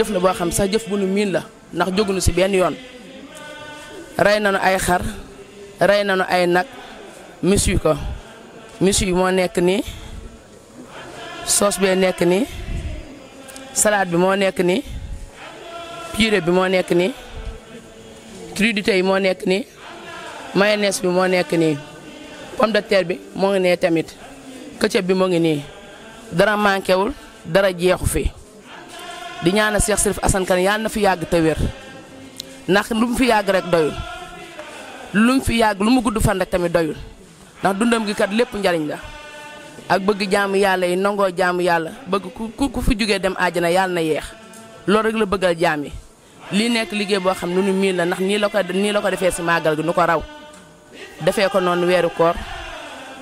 jëf la boo xam sax jëf bu nu miin la ndax jógunu si benn yoon rey nañu ay xar rey nu ay nag misuy ko yi moo nekk nii soos bee nekk nii salaat bi moo nekk nii purée bi moo nekk nii crudité yi moo nekk nii mayonnaise bi moo nekk nii pomme de terre bi moo ngi nee tamit këccëb bi moo ngi nii dara manqué dara jeexu fi di ñaanal Cheikh Serif Assane Kane yàlla na fi yàgg te wér ndax lu mu fi yàgg rek doyul lu mu fi yàgg lu mu gudd fan rek tamit doyul ndax dundam gi kat lépp njariñ la ak bëgg jaamu yàlla yi nangoo jaamu yàlla bëgg ku ku fi jógee dem aajana yàlla na yeex loolu rek la bëggal jaam yi lii nekk liggéey boo xam ne nu miin la ndax nii la ko nii la ko defee si màggal gi nu ko raw defee ko noonu weeru koor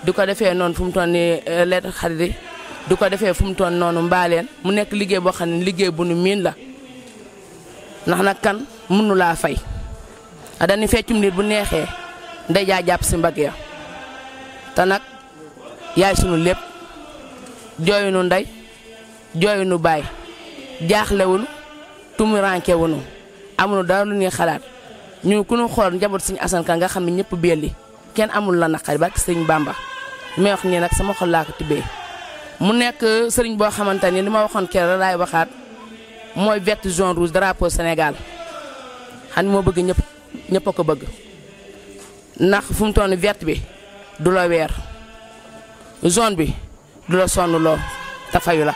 di ko defee noonu fu mu toll nii eh, leet xarit du ko defee fu mu toon noonu mbaaleen mu nekk liggéey boo xam ne liggéey bu nu miin la ndax nag kan mënu laa fay dañu feccum liir bu neexee ndey jaa jàpp si mbagg ya te nag yaay sunu lépp jooyu nu ndey jooyu nu baay jaaxlewunu tumurankewunu amul dara lu ñuy xalaat ñu ku ñu xool njaboot suñu Assane Ka nga xam ne ñëpp belli kenn amul la naqari barki sëñ Bàmba li may wax nii nag sama xol tibbee mu nekk sëriñ boo xamante ni li ma waxoon keroog laay waxaat mooy vert jaune rouge drapeau senegal xam moo bëgg ñëpp ñëpp a ko bëgg ndax fu mu toll vert bi du la weer jaune bi du la sonn loo te la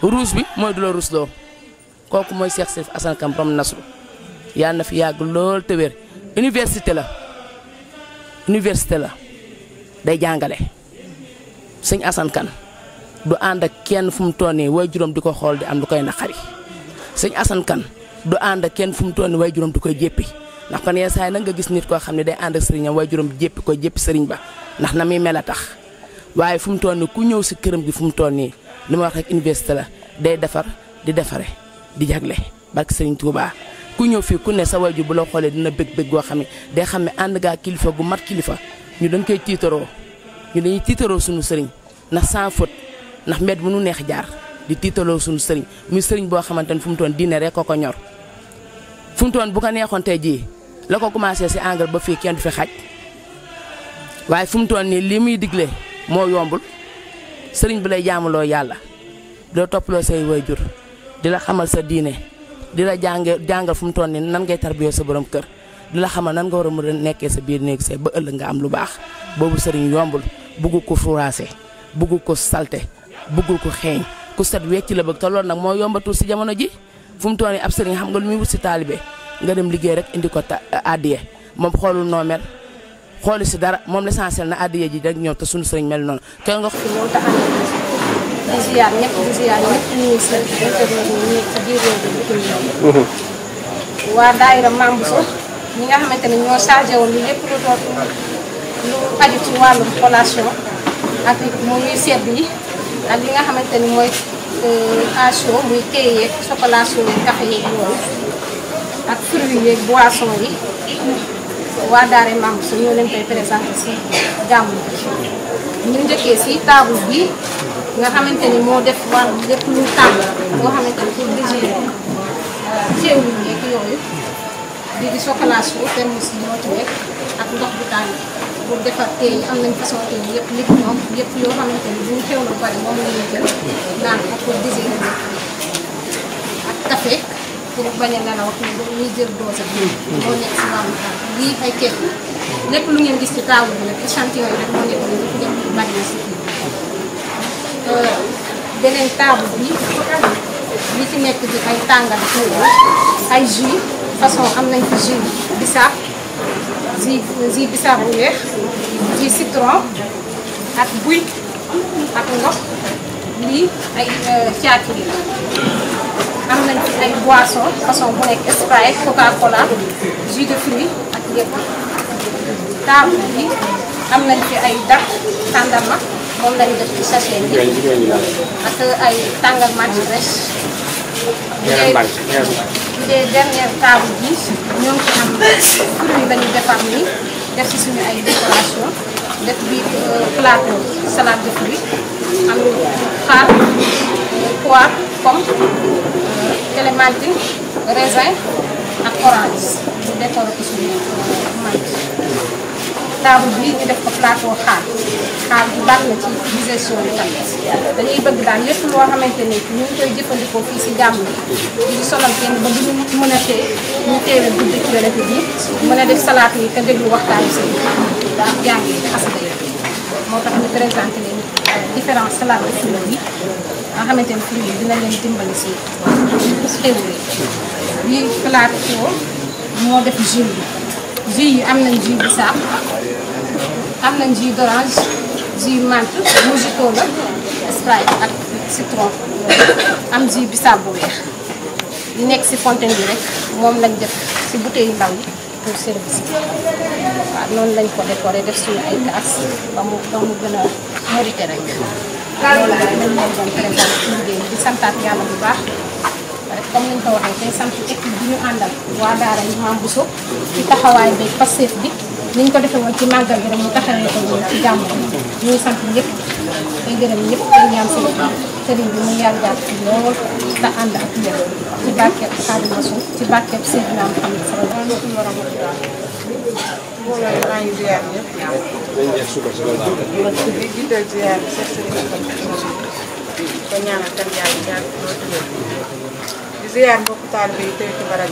rouge bi mooy du la ruus loo kooku mooy Cheikh Sirif Assane Kane borom Nasru yàlla na fi yàgg lool te université la université la day jàngale sëñ Assane Kane du anda ak kenn fu mu toll nii way nakari di ko di am lu koy naqari sëñ asan kan du ànd ak kenn fu mu toll nii way juróom di koy jéppi ndax kon yenn saa yi nga gis nit koo xam day ànd ak way ko jéppi sëriñ ba ndax na muy mel a tax ku gi fu mu toll wax rek la day defar di defare di jagle barke sëriñ Touba ku ñëw fii ku ne sa wayju bu la xoolee dina bëgg bëgg goo xam day xam ne ànd gaa kilifa gu mat kilifa ñu dañ koy ñu dañuy sunu sering ndax sans faute ndax med bu nu neex jaar di titolo sun serigne muy serigne bo xamante fum ton dine rek koko ñor fum ton bu ko neexon tay ji la ko commencé ci ba fi kenn fi xaj waye fum ton ni limuy diglé mo digle yombul serigne bi lay jaamuloo yalla di la lo say wayjur di xamal sa dine di la jànge fum ton ni nan ngay tarbiyo sa borom kër di xamal nan nga wara mu nekké sa biir néeg see ba ëll nga am lu baax bobu serigne yombul bugu ko bugu ko salté bëggul ko xeeñ ku set wecc la bëgg te loolu nag moo yombatul si jamono ji fu mu toll nii ab sëriñ xam nga lu muy wut si taalibe nga dem liggéey rek indi ko addiye eh, moom xoolul noo mel si dara moom l'essentiel na addiye ji rek ñëw te ñi nga xamante ne ñoo chargé woon lu lépp lu doon lu aju ci wàllum collation ak muy seet yi ak li nga xamante ni mooy euh, aso muy téye yeeg chocolat chaud yeeg café yeeg yooyu ak fruits yeeg boisson yi waa Daara Mamoussa ñoo leen koy si gàmmu bi ñu njëkkee si table bi nga xamante ni moo def wàllu lépp luy tàmbali boo xamante ni pour déjeuner ceebu yeeg yooyu di di chocolat chaud thermos yi ñoo ci ak ndox bu tàng. pour defar tey am nañ façon tey yëpp lépp ñoom yëpp yoo xamante ni bu ñu xew lu bari moom la ñuy jël naan ko pour si lépp lu ngeen gis ci table bi rek échantillon yi rek moo nekk li ci nekk di ay tàngal ay jus façon am nañ fi jus bi ji ji bisaab bu ji citron ak bui, ak ndox li, ay euh, caakiri la am ci ay boisson façon bu nekk Sprite Coca Cola jus de fruit, ak yëpp table bi am ci ay dàq tandama, moom lañ def ci sachet bi ak ay tàngal màcc rech yeneen banque yeneen banque. bu dee dernière table bi ñoo ngi ci am fruits la ñu defar nii def ci suñu ay décoration def bi euh, plateau salade de fruits am xaar poire pomme euh, clémentine raisin ak orange ñu décorer ko suñu euh, màcc. table bii ñu def ko plateau xaal xaal bi baax na ci digestion bi tamit dañuy bëgg daal lépp loo xamante ni ñu koy jëfandikoo fii si gàmm bi di solal kenn ba duñu mën a tee ñu teewe guddi ci yonent bi mën a def salaat yi te déglu waxtaan si daal jàng yi xasida yi moo tax ñu présenté leen différents salades de fruits yi nga xamante ni fruits dina leen dimbali si xéwle yi plateau moo def jus bi jus yi am nañ jus bisaab am nañ jus d'orange jus menthe mojito la sprite ak citron am jus bisaab bu weex li nekk ci fontaine bi rek moom lañ def si bouteille ndaw yi pour service bi waaw noonu lañ ko décoré def suñu ay kaas ba mu ba mu gën a mérité rek loolu lañ leen doon présenté ci liggéey bi di santaat yàlla bu baax comme niñ ko waxee tey sant équipe bi ñu àndal waa daara yi maam Bousso ci taxawaay bi passif bi niñ ko defee woon ci màggal bi rek mu taxawee ko woon ci jàmm ñuy sant ñëpp tey gërëm ñëpp tey ñaan si sëriñ bi mu yàgg jàpp ci lool te ànd ak ñëpp ci barkeeb Xaadimu Rasuul ci barkeeb Seydina Muhammad sallallahu alayhi wa sallam mbooloo yi maa ko ñaanal kan yàlla jaar loolu sih and booked to itu to para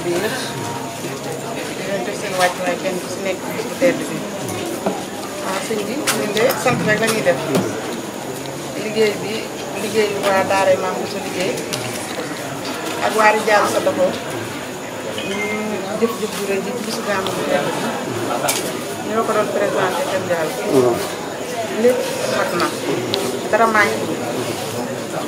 Interesting what I can just make there today. ah sëñ bi ñun deh, sant rek la ñuy def liggéey bi liggéeyu waa Daara Maam Bousso liggéey ak waa Rijal Sadako ñu jëf-jëf bu rëy ji ci bisu gàmmu bu tedd bi ñoo ko doon présenté Kër Ndiaye.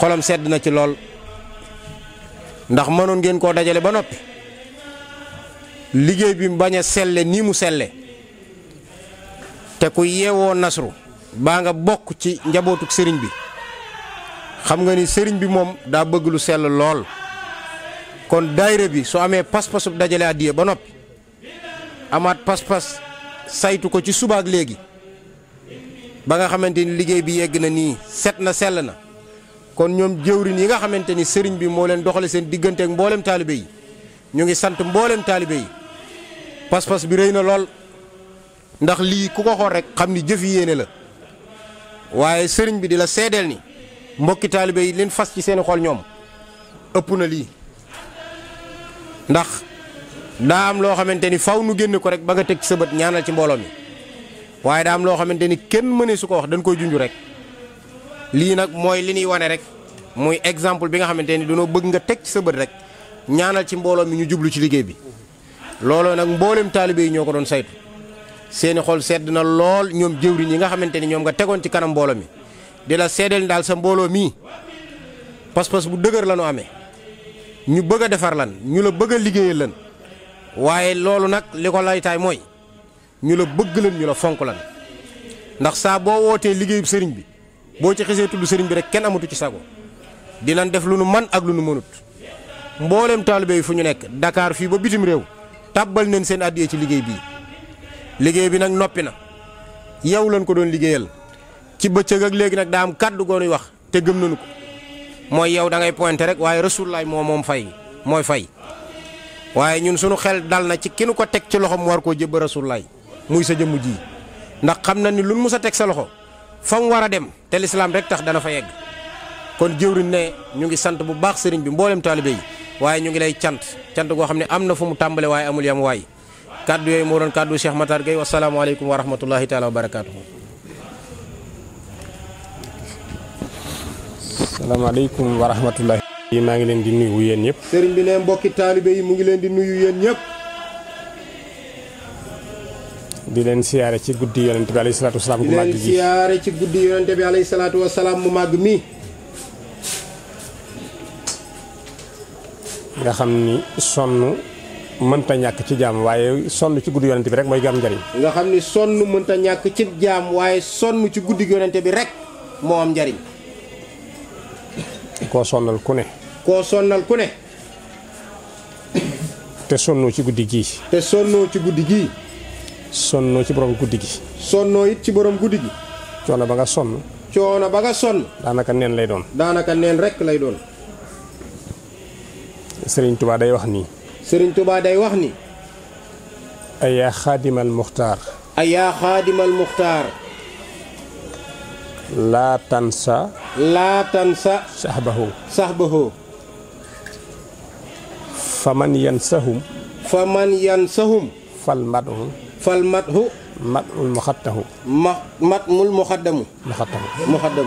xolam sedd na ci lool ndax mënoon ngeen koo dajale ba noppi liggéey bi bañ a selle nii mu selle te ku yeewoo nasru baa nga bokk ci njabootuk sëriñ bi xam nga ni sëriñ bi moom daa bëgg lu sell lool kon daayira bi su amee pas-pasub dajale addiya ba noppi amaat pas-pas saytu ko ci subaak léegi ba nga xamante ni liggéey bi yegg na nii set na sell na kon ñom jeewrin yi nga xamanteni ni bi mo leen doxale seen digënté ak mboolem talibé yi ñu ngi sant mboolem talibé yi pas-pas bi reyna na lool ndax lii ku ko xor rek xamni ni jëfi yéene la waye serigne bi di sédel ni mbokki talibé yi leen fas ci seen xol ñom ëpp na ndax da am lo xamanteni ni nu genn ko rek ba nga tek ci ñaanal ci mbolom mi waye da am lo xamanteni kenn mëne su ko wax dañ koy rek lii nag mooy li ñuy wane rek muy exemple bi nga xamante ni dañoo bëgg nga teg ci sa bët rek ñaanal ci mbooloo mi ñu jublu ci liggéey bi looloo nag mboolem taalibe yi ñoo ko doon saytu seeni xol sedd na lool ñoom jëwriñ yi nga xamante ni ñoom nga tegoon ci kanam mbooloo mi di la daal sa mbooloo mii pas-pas bu dëgër la ñu amee ñu bëgg a defar lan ñu la bëgg a liggéeyal lan waaye loolu nag li laytaay mooy ñu la bëgg lan ñu la fonk lan ndax saa boo wootee liggéeyub sëriñ bi boo ci xesee tudd sëriñ bi rek kenn amatu ci sago dinañ def lu nu man ak lu nu mënut mbooleem taalibe fu ñu nekk Dakar fii ba bitim réew tàbbal nañ seen àddiyee ci liggéey bii liggéey bi nag noppi na yow lañ ko doon liggéeyal ci bëccëg ak léegi nag daa am kàddu goonuy wax te gëm nañu ko mooy yow da ngay pointé rek waaye Rasulullaay moo moom fay mooy fay waaye ñun suñu xel dal na ci ki ko teg ci loxo mu war koo jëbba Rasulullaay muy sa jëmm ji ndax xam na ni luñ mus a teg sa loxo fam wara dem te l'islam rek tax dana fa yegg kon jëwriñ ne ñu ngi sante bu baax serigne bi mbollem talibey waye ñu ngi lay cant cant go xamne amna fu mu tambale waye amul yam waay kaddu yoy mo doon kaddu Cheikh Matar Gueye alaykum wa rahmatullahi taala wa Assalamu alaykum wa rahmatullahi ma ngi len di nuyu yeen ñep serigne bi ne mbokki talibey mu ngi len di nuyu yeen ñep di len siaré ci goudi yonente bi alayhi salatu wasalaam mu màgg gi di leen siyaare ci goudi yonente bi alayhi salatu wasalaam mu màgg nga xamni sonu mën ta ñak ci jaam waye sonu ci goudi yonente bi rek moy gam jari nga xamni sonu mën ta ñak ci jaam waye sonu ci goudi yonente bi rek mo am jari ko sonal ku ne ko sonal ku ne te sonnoo ci goudi gi te sonnoo ci goudi gi sonnoo ci borom guddi gi. sonnoo it ci borom guddi gi. coono ba nga sonn. coono ba nga sonn. daanaka neen lay doon. daanaka neen rek lay doon. Serigne Touba day wax nii. Serigne Touba day wax nii. ayaa xaadimal muxtaar. ayaa xaadimal muxtaar. laa tansa. laa tansa. sahbahu. sahbahu. faman yansahum. faman yansahum. fal madhum. فالمته مت المخده مت مول مخدم مخدم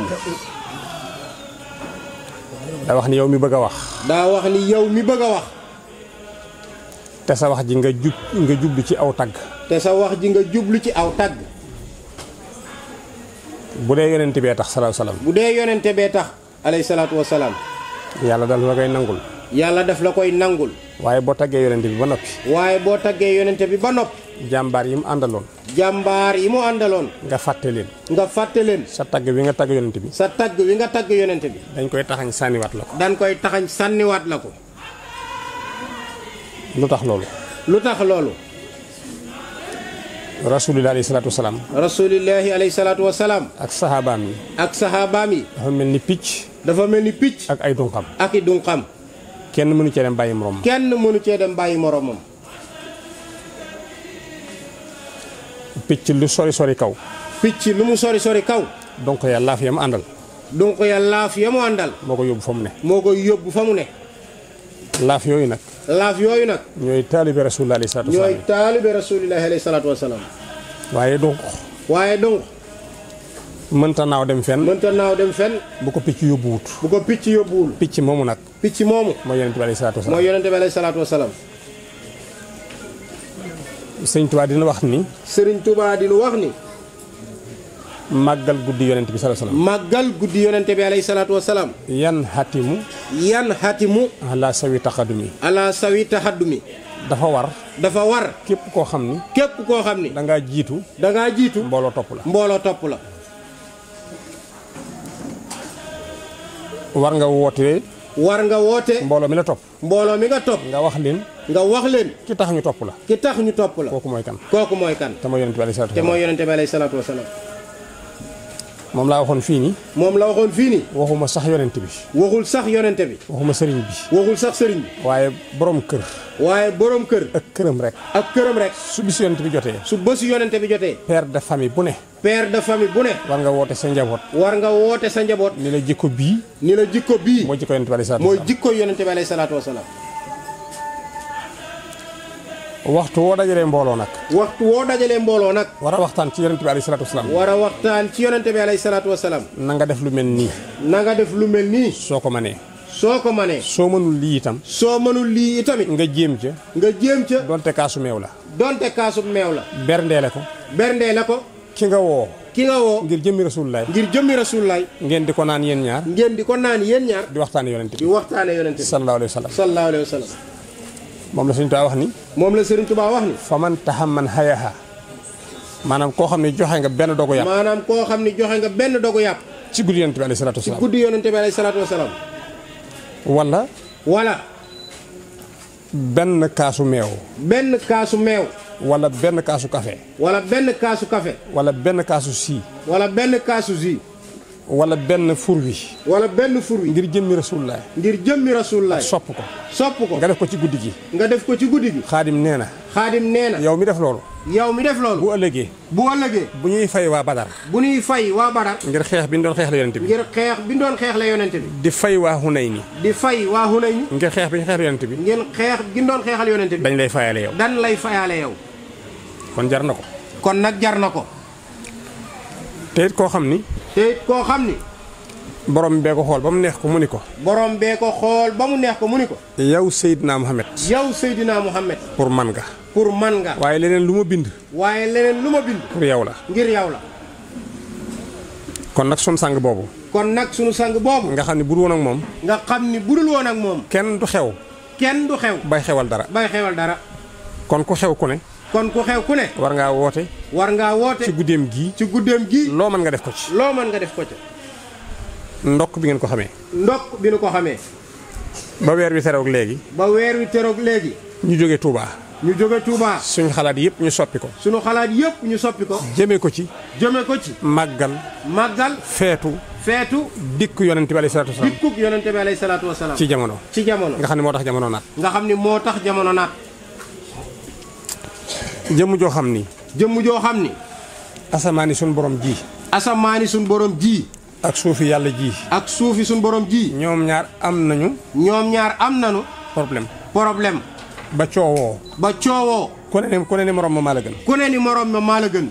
دا واخني يومي بغا واخ دا واخني يومي بغا واخ تا سا واخ جيغا جوب جيغا جوبلي سي او تاغ تا سا واخ جيغا جوبلي سي او تاغ بودي يوننتي بي تخ صلاه والسلام بودي يوننتي بي تخ عليه الصلاه والسلام يالا دال لا كاي نانغول يالا داف لا كاي نانغول waye bo tagge yonent bi ba nopi waye bo tagge yonent bi ba nopi jambar yi mu andalon jambar yi mu andalon nga fatelen nga fatelen sa tag wi nga tag yonent bi. sa tag wi nga tag yonent bi. dañ koy taxagn sanni wat lako dañ koy taxagn sanni wat lako lutax lolu lutax lolu rasulullah alayhi salatu wasalam rasulullah alayhi salatu wasalam ak saxaabaam yi. ak saxaabaam yi. dafa melni pitch dafa melni pitch ak ay dunkam ak ay dunkam kenn munu ci dem bayim rom kenn munu ci dem bayim moromam. picc lu sori sori kaw picc lu mu sori sori kaw donc ya laaf ya mu àndal donc ya laaf ya mu àndal moo ko yóbbu fa mu ne moo ko yóbbu fa mu ne laaf yooyu nag laaf yooyu nag ñooy taalibe rasulilah alayhi salaatu wasalaam ñooy taalibe waaye donc waaye donc mënta naaw dem fenn mënta naaw dem fen bu ko picc yóbbuwut bu ko picc yóbbuwul picc moomu nag picc moomu mooy yonente bi alayhi salaatu wasalaam mooy serigne Touba dina wax ni. serigne Touba dina wax ni. magal guddi yonent bi sallallahu alayhi wasallam magal guddi yonent bi alayhi salatu wasallam yan hatimu yan hatimu ala sawi taqadumi ala sawi taxadumi dafa war dafa war kep ko xamni kep ko xamni da nga jitu da nga jitu mbolo top la mbolo top la war nga wote war nga wote mbolo mi la top mbolo mi nga top nga wax leen nga wax leen ci tax ñu topp la ki tax ñu topp la kooku mooy kan kooku mooy kan te mooy yonente bi alayhi salaatu te mooy yonente bi alayhi salaatu wasalaam moom laa waxoon fii nii moom la waxoon fii nii waxuma sax yonente bi waxul sax yonente bi waxuma sëriñ bi waxul sax sëriñ bi waaye borom kër waaye borom kër ak këram rek ak këram rek su bisu yonente bi jotee su bésu yonente bi jotee père de famille bu ne père de famille bu ne war nga woote sa njaboot war nga woote sa njaboot ni la jikko bii nii la jikko bii mooy jikko yonente bi alayhi salaatu wasalaam mooy jikko yonente bi alayhi salaatu waxtu wo dajale mbolo nak waxtu wo dajale mbolo nak Wara waxtan ci yaronte bi alayhi salatu wassalam wara waxtan ci yaronte bi alayhi salatu wassalam na nga def lu melni na nga def lu melni soko mané soko mané so manul li itam so manul li itam nga jëm ci nga jëm ci donte kaasu meew donte kaasu meew la ko berndeele ko ki nga wo ki nga wo ngir jëmmi rasulullah ngir jëmmi rasulullah ngeen di ko naan yeen ñaar ngeen di ko naan yeen ñaar di waxtaane yaronte bi di sallallahu alayhi wasallam. sallallahu alayhi wasallam moom la Sëriñ Tuubaa wax ni moom la Sëriñ Tuubaa wax ni fa man taxam man xayaha maanaam koo xam ne joxe nga benn dogu yàpp maanaam koo xam ne joxe nga benn dogu yàpp ci guddi yonente bi alayhi salaatu wasalaam ci guddi yonente bi alayhi salaatu wasalaam wala wala benn kaasu meew benn kaasu meew wala benn kaasu kafe wala benn kaasu café wala benn kaasu sii wala benn kaasu sii wala benn fur wi. wala benn fur wi. ngir jëmmi rasulilah. ngir jëmmi rasulilah. sopp ko. sopp ko nga def ko ci guddi gi. nga def ko ci guddi gi. xaadim nee na. xaadim nee na. yow mi def loolu. yow mi def loolu. bu ëllëgee. bu ëllëgee. bu ñuy fay waa Badar. bu ñuy fay waa Badar. ngir xeex bi ñu doon xeex la yonent bi. xeex bi ñu xeex la yonent bi. di fay waa Hunayni. di fay waa Hunayni. ngir xeex bi ñu xeex la yonent bi. ngir xeex gi ñu doon xeexal yonent bi. dañ lay fayaale yow. dañ lay fayaale yow. kon jar na ko. kon nag jar na ko. te koo xam ni. te koo xam ni. borom bee ko xool ba mu neex ko mu ni ko. borom bee ko xool ba mu neex ko mu ni ko. yow Seydina Mohamed. yow Seydina Mohamed. pour man nga. pour man nga. waaye leneen lu ma bind. waaye leneen lu ma pour yow la. ngir yow la. kon nag sunu sang boobu. kon nag sunu sang boobu. nga xam ni budul woon ak moom. nga xam ni bu dul woon ak moom. kenn du xew. kenn du xew. bay xewal dara. bay xewal dara. kon ku xew ku ne. kon ku xew ku ne. war ngaa woote. war ngaa woote. ci guddeem gii. ci guddeem gi loo mën nga def ko ci. loo mën nga def ko ci. ndokk bi ngeen ko xamee. ndokk bi nu ko xamee. ba weer wi teroog léegi. ba weer wi teroog léegi. ñu jóge Touba. ñu jóge Touba. suñu xalaat yëpp ñu soppi ko. suñu xalaat yëpp ñu soppi ko. jëmee ko ci. jëmee ko ci. màggal. màggal feetu. feetu dikk yonente bi alayhi salaatu wasalaam. dikkuk yonente bi alayhi salaatu wasalaam. ci jamono. ci jamono nga xam ne moo tax jamono naat. nga xam ne moo tax jamono naat. jëm jo xamni jëm jo xamni sun borom ji. asamaani sun borom ji. ak suufi yalla ji. ak suufi sun borom ji. ñom ñaar am nañu. ñom ñaar am nañu. problème problème. ba ciowo ba ciowo ku ne ni ku ne ni morom ma la gën. ku ne ni morom ma maa la gën.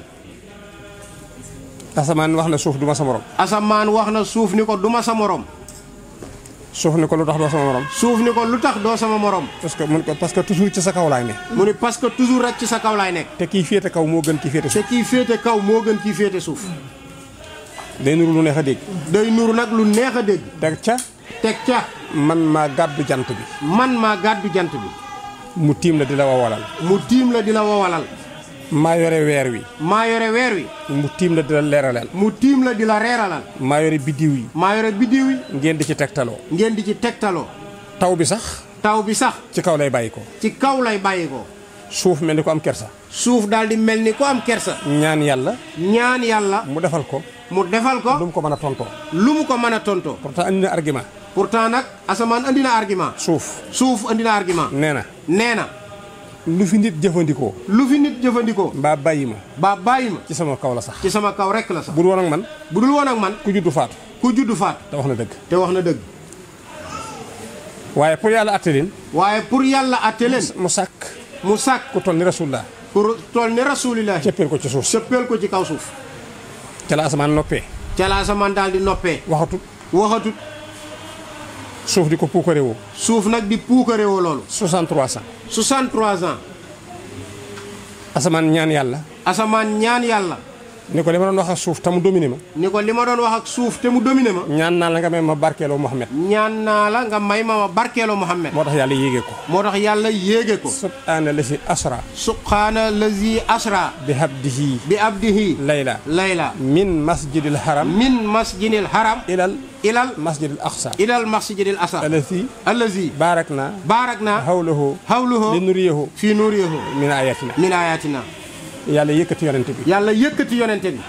asamaan wax na suuf sa morom. asamaan wax na ni ko duma sa morom. suuf ni ko lu tax doo sama morom. suuf ni ko lu tax doo sama morom. parce que mun ko parce que toujours ci sa kaw laay nekk. mu ni parce que toujours ci sa kaw nekk. te kii féete kaw moo gën kii féete suuf. kaw moo gën kii féete suuf. day nuru lu neex a dégg. day nuru nag lu neex a dégg. teg ca. teg ca. man maa gàddu jant bi. man maa gàddu jant bi. mu tiim la di la wowalal. mu tiim la di la wowalal. maa yore weer wi maa yore weer wi mu tiim la di la leeralal mu tiim la di la reeralal maa yore biddiw yi maa yore biddiw ngeen di ci tegtaloo ngeen di ci tegtaloo taw bi sax taw bi sax ci kaw lay bàyyi ko ci kaw lay bàyyi ko suuf mel ni ko am kersa suuf daal di mel ni ko am kersa ñaan yàlla ñaan yàlla mu defal ko mu defal ko lu ko mën a tontoo lu mu ko mën a tontoo pourtant andi na argument pourtant nag asamaan andi na argument suuf suuf andi na argument nee na nee na lu fi nit jëfandikoo. lu fi nit jëfandikoo. mbaa bàyyi ma. baa bàyyi ma. ci sama kaw la sax. ci sama kaw rek la sax. budul woon ak man. budul woon ak man. ku juddu faatu. ku juddu faatu. te wax na dëgg. te wax na dëgg. waaye pour yàlla atte leen. waaye pour yàlla atte leen. mu sàkk. mu sàkk ku toll ni rasulillah. ku toll ni rasulillah. cëppeel ko ci suuf cëppeel ko ci kaw suuf. ca la asamaan noppee. ca la asamaan daal di noppee. waxatut waxatut. suuf di ko puukare woo. suuf nag di puukare woo loolu. 63 ans. 63 ans. asamaan ñaan yàlla. asamaan ñaan yàlla. niko lima don ma wax ak suuf te dominé ma. niko lima don ma wax ak suuf te dominé ma. ñaan na la nga may ma barkelo mohammed ñaan na la nga may ma barkelo mohammed motax yàlla yégué ko. motax yàlla yégué ko. subhana allazi asra. subhana allazi asra. bi abdihi. bi abdihi. layla layla. min masjidil haram. min masjidil haram. ilal. ilal masjidil aqsa. ilal masjidil aqsa. allazi. allazi. baarak naa. baarak naa. hawlahu. hawlahu. li nuriyahu. fi nuriyahu. min ayatina. min ayatina. yàlla yëkkati yonente bi yàlla yëkkati yonente bi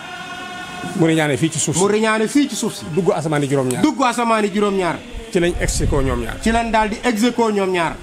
mu riñaane fii ci suuf si mu riñaane fii ci suuf si dugg asamaani juróom-ñaar dugg asamaani juróom-ñaar ci lañ exekoo ñoom ñaar ci lañ daal di exekoo ñoom ñaar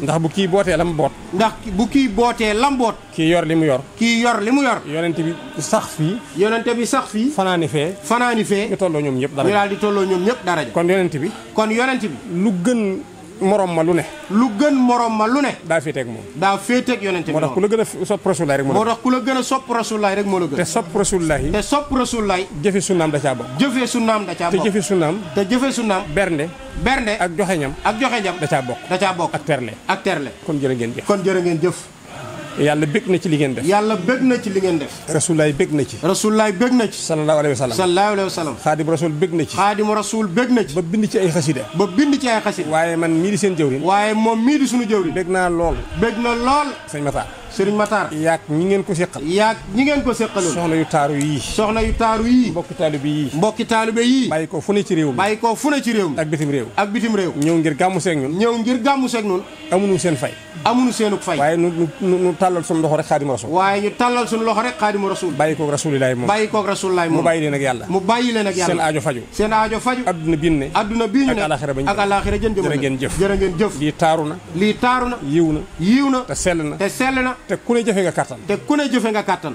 ndax bu kii bootee lam boot ndax bu kii bootee lam boot kii yor li mu yor kii yor li mu yor yonente bi sax fii yonente bi sax fii fanaani fee fanaani fee ñu tolloo ñoom ñëpp dara daal di tolloo ñoom ñëpp dara kon yonente bi kon yonente bi lu gën morom ma lu ne lu gën morom ma lu ne daa féeteeg moom daa féeteeg yonente bi moo tax ku la gën a sopp rasulaay rek moo la gën a moo la gën te sopp rasulaay te sopp rasulaay jëfe sunnaam da caa bokk jëfe sunnaam da caa bokk te jëfe sunnaam te jëfe sunnaam bernde bernde ak joxe ñam ak joxe ñam da caa bokk da caa bokk ak terle ak terle kon jërë ngeen jëf kon jërë ngeen jëf yàlla bëgg na ci li ngeen def yàlla bëgg na ci li ngeen def rasulaay bëgg na ci rasulaay bëgg na ci sallallahu alayhi wa sallam sallallahu alayhi wa sallam xaadim rasul bëgg na ci xaadim rasul bëgg na ci ba bind ci ay xasida ba bind ci ay xasida waaye man mii di seen jëwrin waaye moom mii di sunu jëwrin bëgg naa lool bëgg na lool sëñ Mata sëriñ Matar yaag ñi ngeen ko séqal yaag ñi ngeen ko séqaloon soxna yu taaru yii soxna yu taaru yii mbokki taalibe yii mbokki taalibe yii bàyyi ko fu ne ci réew mi bàyyi ko fu ne ci réew mi ak bitim réew ak bitim réew ñëw ngir gàmmu seeg ñun ñëw ngir gàmmu seeg ñun amuñu seen fay amuñu seenuk fay waaye ñu tàllal suñu loxo rek xaadimu rasul waaye ñu tàllal suñu loxo rek xaadimu rasul bàyyi koog rasulilaay moom bàyyi koog rasulilaay moom mu bàyyi leen ak yàlla mu bàyyi leen ak yàlla seen aajo faju seen aajo faju adduna bi ne adduna bi ñu ne ak alaxira jën jëf jërë ngeen jëf lii taaru na lii taaru na yiw na yiw na te sell na te sell na te ku ne jëfe nga kàttan te ku ne jëfe nga kàttan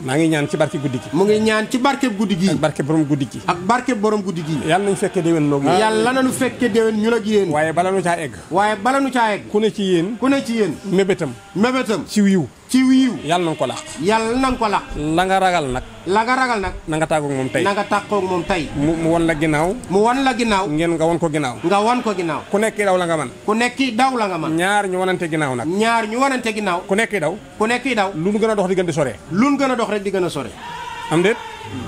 maa ngi ñaan ci barke guddi gi mu ngi ñaan ci barke guddi gi ak barke borom guddi gi ak barke borom guddi gi yàlla nañu fekkee déwén noog yàlla nañu fekke déwén ñu la gi yéen waaye bala nu caa egg waaye bala nu caa egg ku ne ci yéen ku ne ci yéen mébétam mébétam ci wiw ciw wiiw yàlla na ko laq yàlla na ko laq la nga ragal nag la nga ragal nag na nga tàggoog moom tey na nga tàggoog moom tey mu mu wan la ginnaaw mu wan la ginnaaw ngeen nga wan ko ginnaaw nga wan ko ginnaaw ku nekk daw la nga man ku nekk daw la nga man ñaar ñu wanante ginnaaw nag ñaar ñu wanante ginnaaw ku nekk daw ku nekk daw lu nu gën a dox di gën di sore lu nu gën a dox rek di gën a sore am déet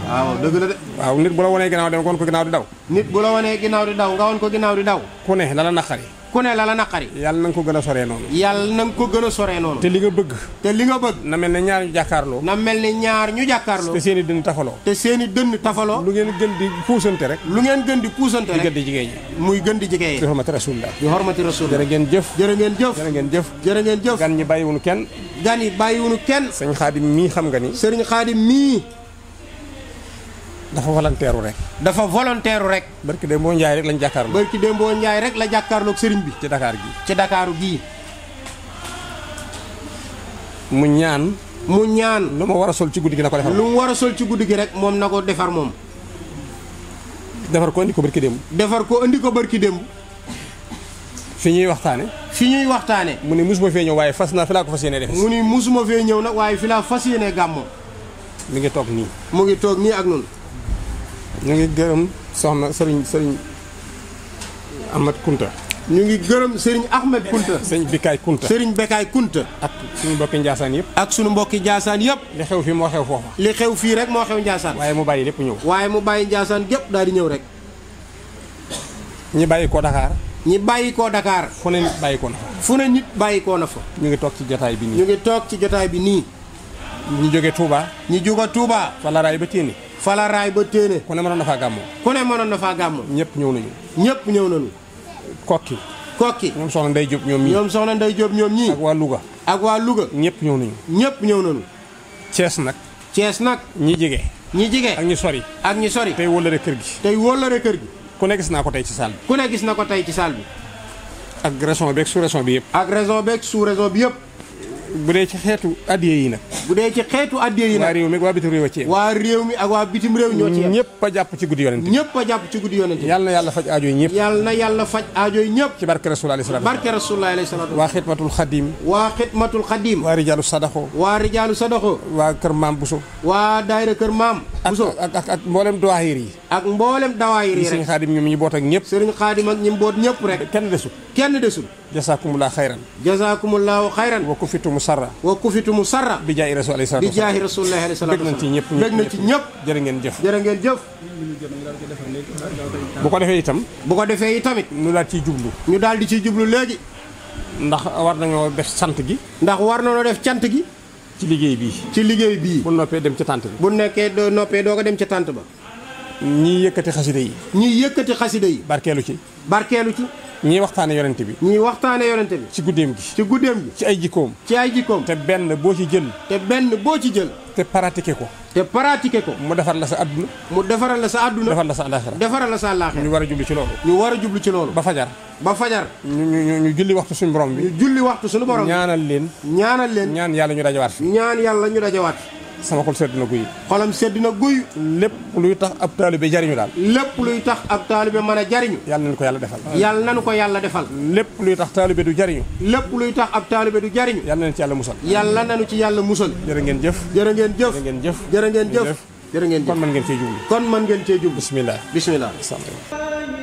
waaw dëgg la de waaw nit bu la wanee ginnaaw dem nga wan ko ginnaaw di daw nit bu la wanee ginnaaw di daw nga won ko ginnaaw di daw ku ne la la naqari ku ne la la naqari yàlla na nga ko gën a soree noonu yàlla na nga ko gën a soree noonu te li nga bëgg te li nga bëgg na mel ne ñaar ñu jàkkaarloo na mel ne ñaar ñu jàkkaarloo te seen dënn tafaloo te seen i dënn tafaloo lu ngeen gën di puusante rek lu ngeen gën di puusante rek di gën di jigéen ñi muy gën di jigéen ñi di hormati rasulullah di hormati ngeen jëf jërë ngeen jëf jërë ngeen jëf jërë ngeen jëf gan ñi bàyyiwunu kenn gan yi bàyyiwunu kenn sëñ xaadim mii xam nga ni sëriñ xaadim mii dafa volontaire rek dafa volontaire rek barki dembo boo rek lañ jàkkaarloo barki dembo boo rek la serigne bi ci Dakar gi ci dakaru gi mu ñaan mu ñaan lu mu wara sol ci guddigi nako defal lu mu wara sol ci guddigi rek mom nako defar mom defar ko andi ko barki dem defar ko andi ko barki dem fiñuy waxtane fiñuy waxtane mu musuma fee fi la ko fasiyene def mu musuma fi la fasiyene ngi tok ni mu ngi tok ni ak nun ñu ngi gërëm soxna sëriñ sëriñ Ahmad Kunta ñu ngi gërëm sëriñ Ahmed Kunta. Serigne Bikaay Kunta. Serigne Bekaay Kunta. ak suñu mbokki Ndiassane yëpp. ak suñu mbokki Ndiassane yëpp. li xew fii moo xew foofa. li xew fii rek moo xew Ndiassane. waaye mu bàyyi lépp ñëw. waaye mu bàyyi Ndiassane gépp daal di ñëw rek. ñi bàyyi koo dakaar ñi bàyyi ko Dakar. fu ne nit bàyyi ko na fa. na fa. ñu ngi toog ci jotaay bi nii. ñu ngi toog ci jotaay bi nii. ñu jóge Touba. ñi jóge Touba. fa laraay ba Téni. fala raay ba téene ku ne mënoon na faa gàmmu ku ne mënoon na faa gàmmu ñëpp ñëw nañu ñëpp ñëw nañu kokki kokki ñoom soxna nday jóob ñoom ñii ñoom soxna nday jóob ñoom ñii ak waa Louga ak waa luga ñëpp ñëw nañu ñëpp ñëw nañu Cees nag Cees nag ñi jige ñi jige ak ñu sori ak ñu sori tey wóllare kër gi tey wóllare kër gi ku ne gis naa ko tey ci salle bi ku ne gis na ko tey ci salle bi ak région beeg sous région bi yëpp ak beeg sous région bi yëpp bu dee ci xeetu addiya yi nag bu dee ci xeetu addiya yi na waa réew mi ak waa bitim réew ci waa réew mi ak waa bitim réew ñoo ci ñëpp a jàpp ci guddi yonent ñëpp a jàpp ci guddi yonent yàlla na yàlla faj aajo yi ñëpp na yàlla faj aajo yi ci barke rasul alayhi waa xidmatul xadim waa xidmatul xadim waa rijaalu sadaxo waa rijaalu sadaxo waa kër maam buso waa daayira kër maam Bousso ak ak ak mboolem dawaayir yi ak mboolem dawaayir yi rek sëriñ xaadim ñoom ñi boot ñëpp sëriñ xaadim ñi boot ñëpp rek kenn desul kenn desul jasakumullahu xayran jasakumullahu xayran wa kufitu mu sarra wa kufitu mu sarra bi jaahi rasul alayhi salatu bi jaahi rasulillahi alayhi salatu bëgg nañ ci ñëpp bëgg nañ ci ñëpp jërë ngeen jëf jërë ngeen jëf bu ko defee itam bu ko defee tamit ñu daal ciy jublu ñu daal di ciy jublu léegi ndax war nañoo def sant gi ndax war nañoo def cant gi ci liggéey bi ci liggéey bii bu noppee dem ca tànt bi bu nekkee doo noppee doo ko dem ca tànt ba ñii yëkkati xasida yi ñii yëkkati xasida yi barkeelu ci barkeelu ci ñii waxtaane yonente bi ñii waxtaane yonente bi ci guddeem gi ci guddeem ay jikkoom ci ay jikkoom te benn boo ci jël te benn boo ci jël te pratiqué ko te pratiqué ko mu defar la sa adduna mu defaral la sa adduna defar la sa alaxira defaral la sa alaxira ñu war a jublu ci loolu ñu war a jublu ci loolu ba fajar ba fajar ñu ñu julli waxtu suñu borom bi ñu julli waxtu suñu borom ñaanal leen ñaanal leen ñaan yàlla ñu dajawaat fi ñaan yàlla ñu dajawaat sama xol sedd na guy. xolam sedd na guy. lépp luy tax ab taalibe jariñu daal. lépp luy tax ab taalibe mën a jariñu. yàlla nañu ko yàlla defal. yàlla nañu ko yàlla defal. lépp luy tax taalibe du jariñu. lépp luy tax ab taalibe du jariñu. yàlla nañu ci yàlla musal. yàlla nañu ci yàlla musal. jërë ngeen jëf. jërë ngeen jëf jërë ngeen jëf. jërë ngeen jëf jërë ngeen jëf. kon mën ngeen cee jublu. kon mën ngeen cee jublu. bisimilah bisimilah.